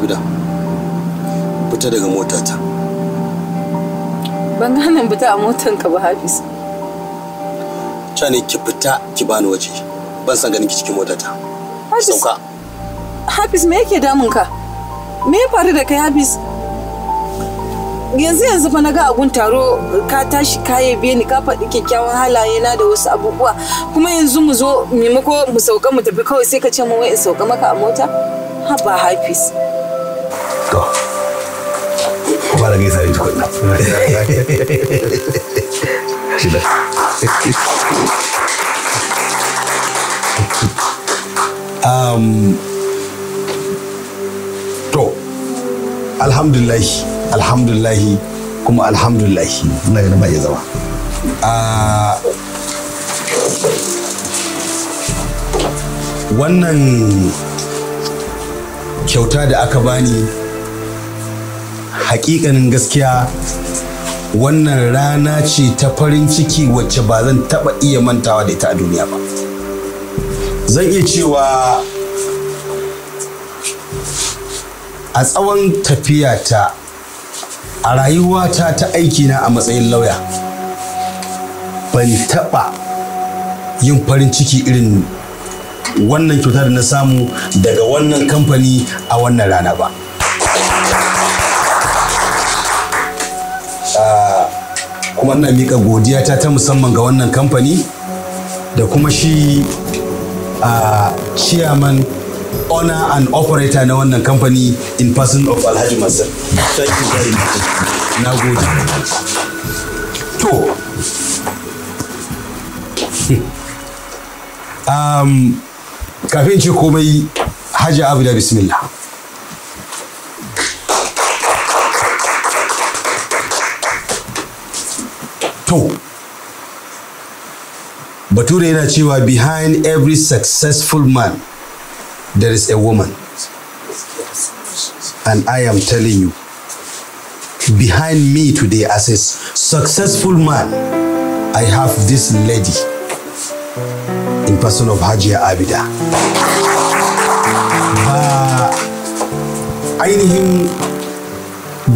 abida fita daga motata ban gane fita a motanka ba hafiz ca ne ki fita ki bani waje ban san ganin ki cikin motata sauka hafiz me yake damun ka me ya faru da kai hafiz yanzu yanzu fa na ga abun taro ka tashi kaye biye ni ka faɗi kyakkyawan halaye na da wasu abubuwa kuma yanzu mu zo maimako mu sauka mu tafi kawai sai ka ce mu wai in sauka maka a mota haba hafiz gaisa da tukunna shida um, to alhamdulahi alhamdulahi kuma alhamdulahi na ganin ba zama ah, wannan kyauta da aka bani hakikanin gaskiya wannan rana ce ta farin ciki wacce ba zan taba iya mantawa da ita a duniya ba zan iya cewa a tsawon tafiyata a rayuwata ta aiki na a matsayin lauya ban taba yin farin ciki irin wannan kyauta da na samu daga wannan kamfani a wannan rana ba. kuma ina miƙa godiyata ta musamman ga wannan kamfani da kuma shi a chairman owner and operator na wannan kamfani in person of alhaji masar thank you very much na gode to um, kafin ce komai haja abu da bismillah bature yana cewa behind every successful man there is a woman and i am telling you behind me today as a successful man i have this lady in person of hajiya abida ba ainihin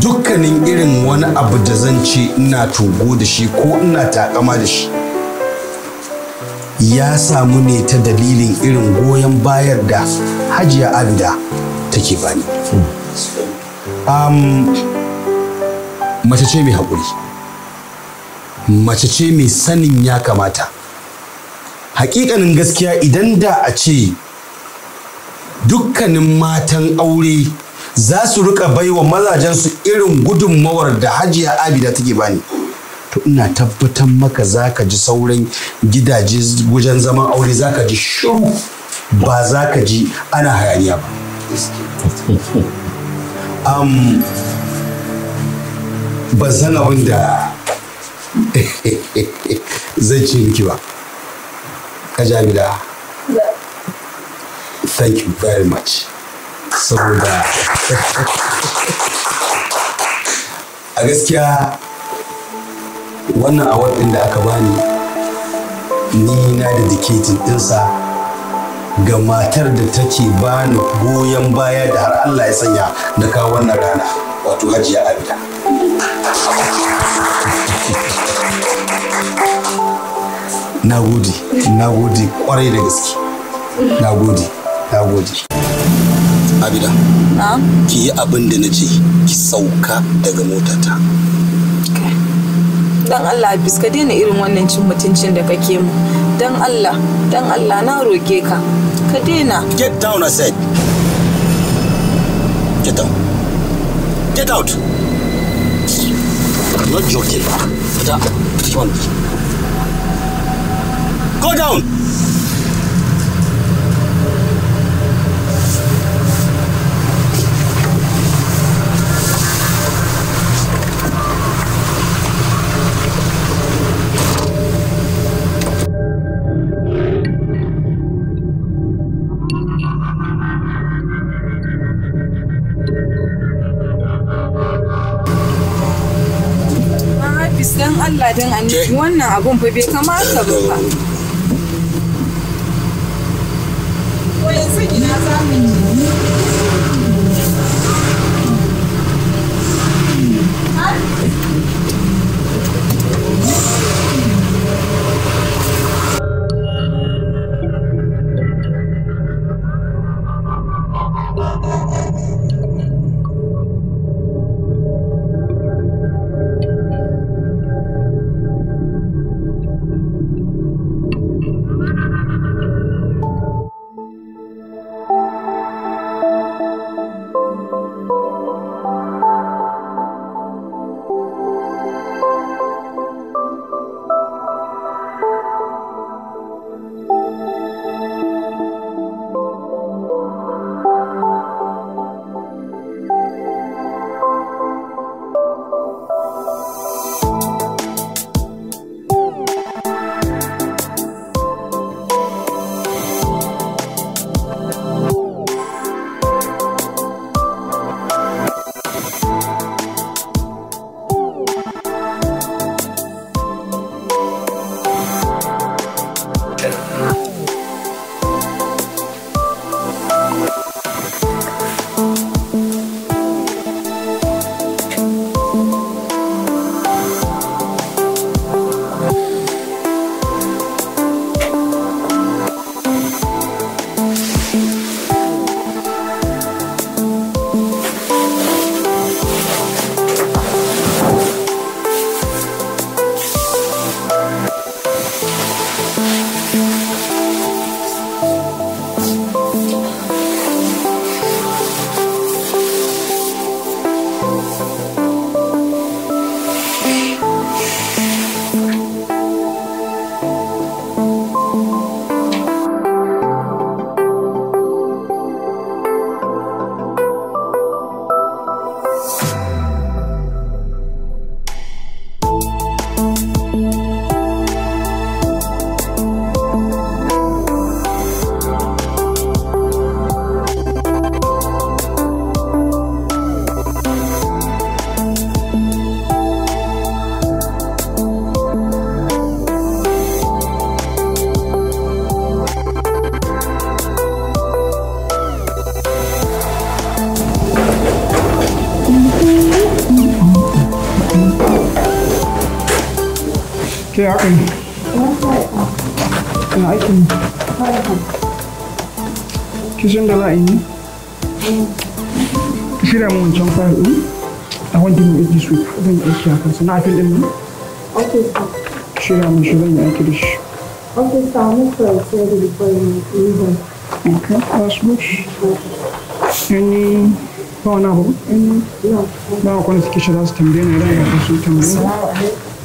dukkanin irin wani abu da zan ce ina togo da shi ko ina takama da shi ya samu ne ta dalilin irin goyon bayar da hajiya abida take bani mace ce mai haƙuri mace ce mai sanin ya kamata hakikanin gaskiya idan da a ce dukkanin matan aure za su rika baiwa mazajensu irin gudunmawar da hajiya abida take bani to ina tabbatar maka za ka ji sauran gidaje wajen zaman aure za ka ji shiru ba za ka ji ana hayaniya ba um, ban san abin da zan ce miki ba ka jamila thank you very much saboda a gaskiya wannan award ɗin da aka bani ni na da diketin ɗinsa ga matar da take bani goyon baya da har Allah ya sanya na kawo wannan rana wato hajiya abida na gode na gode kwarai da gaske na gode na gode abida ki yi abin da na ce ki sauka daga motata dan Allah Hafiz ka daina irin wannan cin mutuncin da kake mu dan Allah dan Allah na roke ka ka daina get down I said get down get out I'm not joking go down don Allah don annabi wannan abun fa bai kamata ba fa ko yanzu ina zamu sai a kai ina aikin kishin da za a yi shirya mu wancan fayil ɗin a wanke mu aiki zan yi aiki a kansa na afil ɗin ne shirya mu shi zan yi aiki da shi Okay, so I'm going to tell you before you leave. Okay, that's much. Any na idan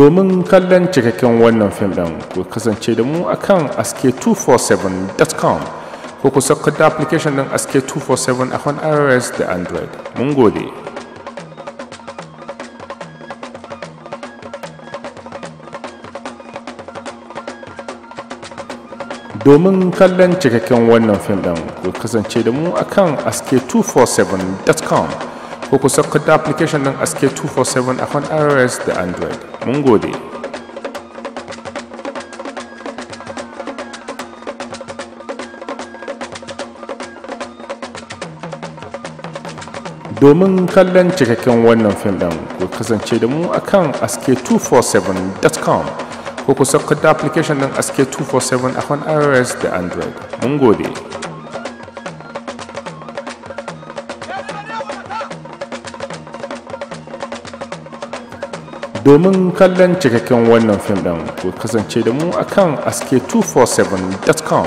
domin kallon cikakken wannan fim ɗin ku kasance da mu akan ask247.com ko ku sauka da application ɗin ask247 kan ios da android mun gode domin kallon cikakken wannan fim ɗin ku kasance da mu akan ask247.com ko ku sauka da application ɗin ask247 kan ios da android mun gode domin kallon cikakken wannan fim ɗin ku kasance da mu akan sk247.com ko ku sauka da application ɗin sk247 akan ios da android mun gode domin kallon cikakken wannan fim ɗin ku kasance da mu a akan sk247.com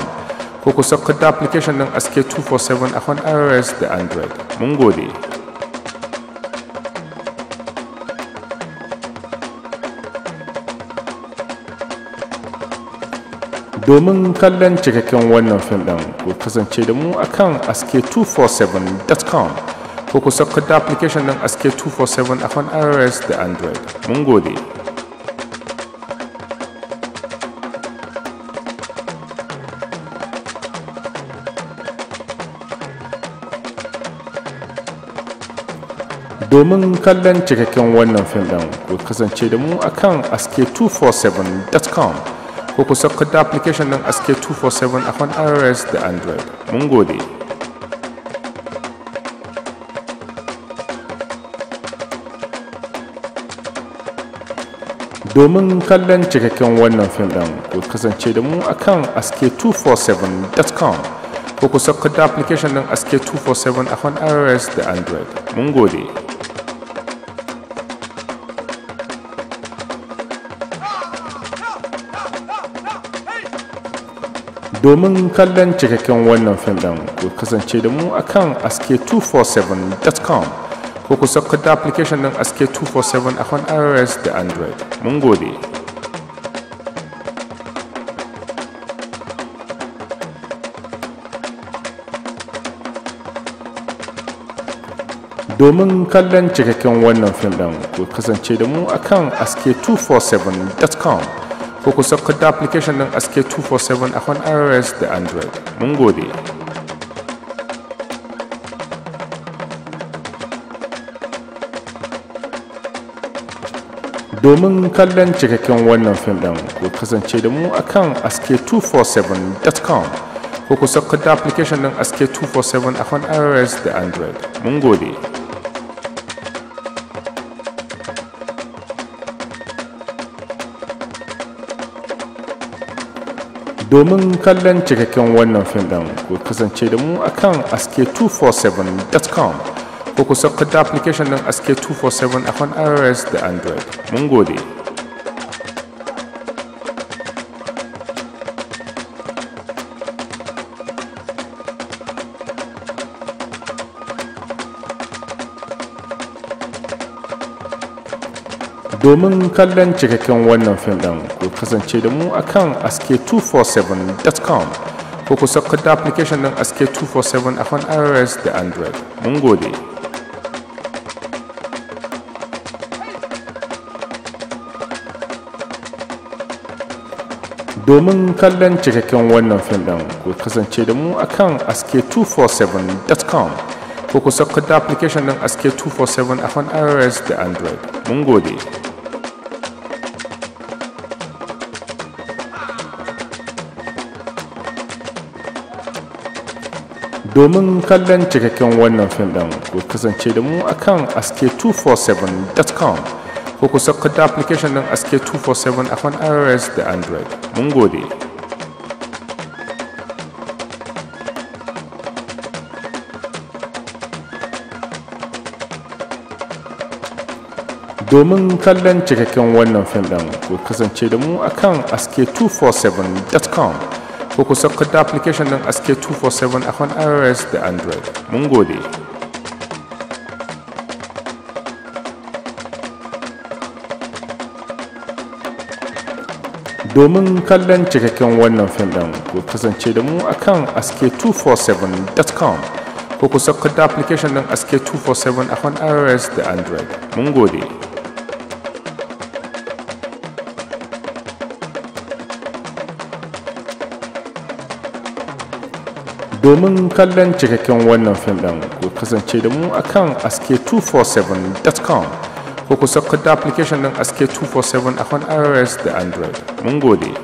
ko ku sauka da application ɗin sk247 kan ios da android mun gode domin kallon cikakken wannan fim ɗin ku kasance da mu a akan sk247.com ko ku sakar da application ɗin aske 247 a kan ios da android mun gode domin kallon cikakken wannan fim ɗin ku kasance da mu kan aske247.com ko ku sauka da application ɗin aske247 kan ios da android mun gode domin kallon cikakken wannan fim ɗin ku kasance da mu akan sk247.com ko ku sauka da application ɗin sk247 a kan ios da android mun gode domin kallon cikakken wannan fim ɗin ku kasance da mu akan sk247.com ko ku saukar da application ɗin aske 247 a kan ios da android mun gode domin kallon cikakken wannan fim ɗin ku kasance da mu a akan aske247.com ko ku sauka da application ɗin aske247 a kan ios da android mun gode domin kallon cikakken wannan fim ɗin ku kasance da mu akan aske247.com ko kusa sauka da application ɗin aske247 kan ios da android mun gode domin kallon cikakken wannan fim ɗin ku kasance da mu akan aske247.com ko ku saukar da application ɗin sk 247 akan ios da android mun gode domin kallon cikakken wannan fim ɗin ku kasance da mu akan sk 247com ko ku sauka da application ɗin sk 247 akan ios da android mun gode domin kallon cikakken wannan fim ɗin ku kasance da mu a akan sk247.com ko ku sauka da application ɗin sk247 a kan ios da android mun gode domin kallon cikakken wannan fim ɗin ku kasance da mu a akan sk247.com ko ku sauka da application ɗin sk247 a kan ios da android mun gode domin kallon cikakken wannan fim ɗin ku kasance da mu a kan aske 247com ko ku sauka da application ɗin aske 247 kan ios da android mun gode domin kallon cikakken wannan fim ɗin ku kasance da mu akan sk247.com ko ku sauka da application ɗin sk247 akan ios da android mun gode domin kallon cikakken wannan fim ɗin ku kasance da mu akan sk247.com ko ku sakka da application ɗin aske 247 akan ios da android mun gode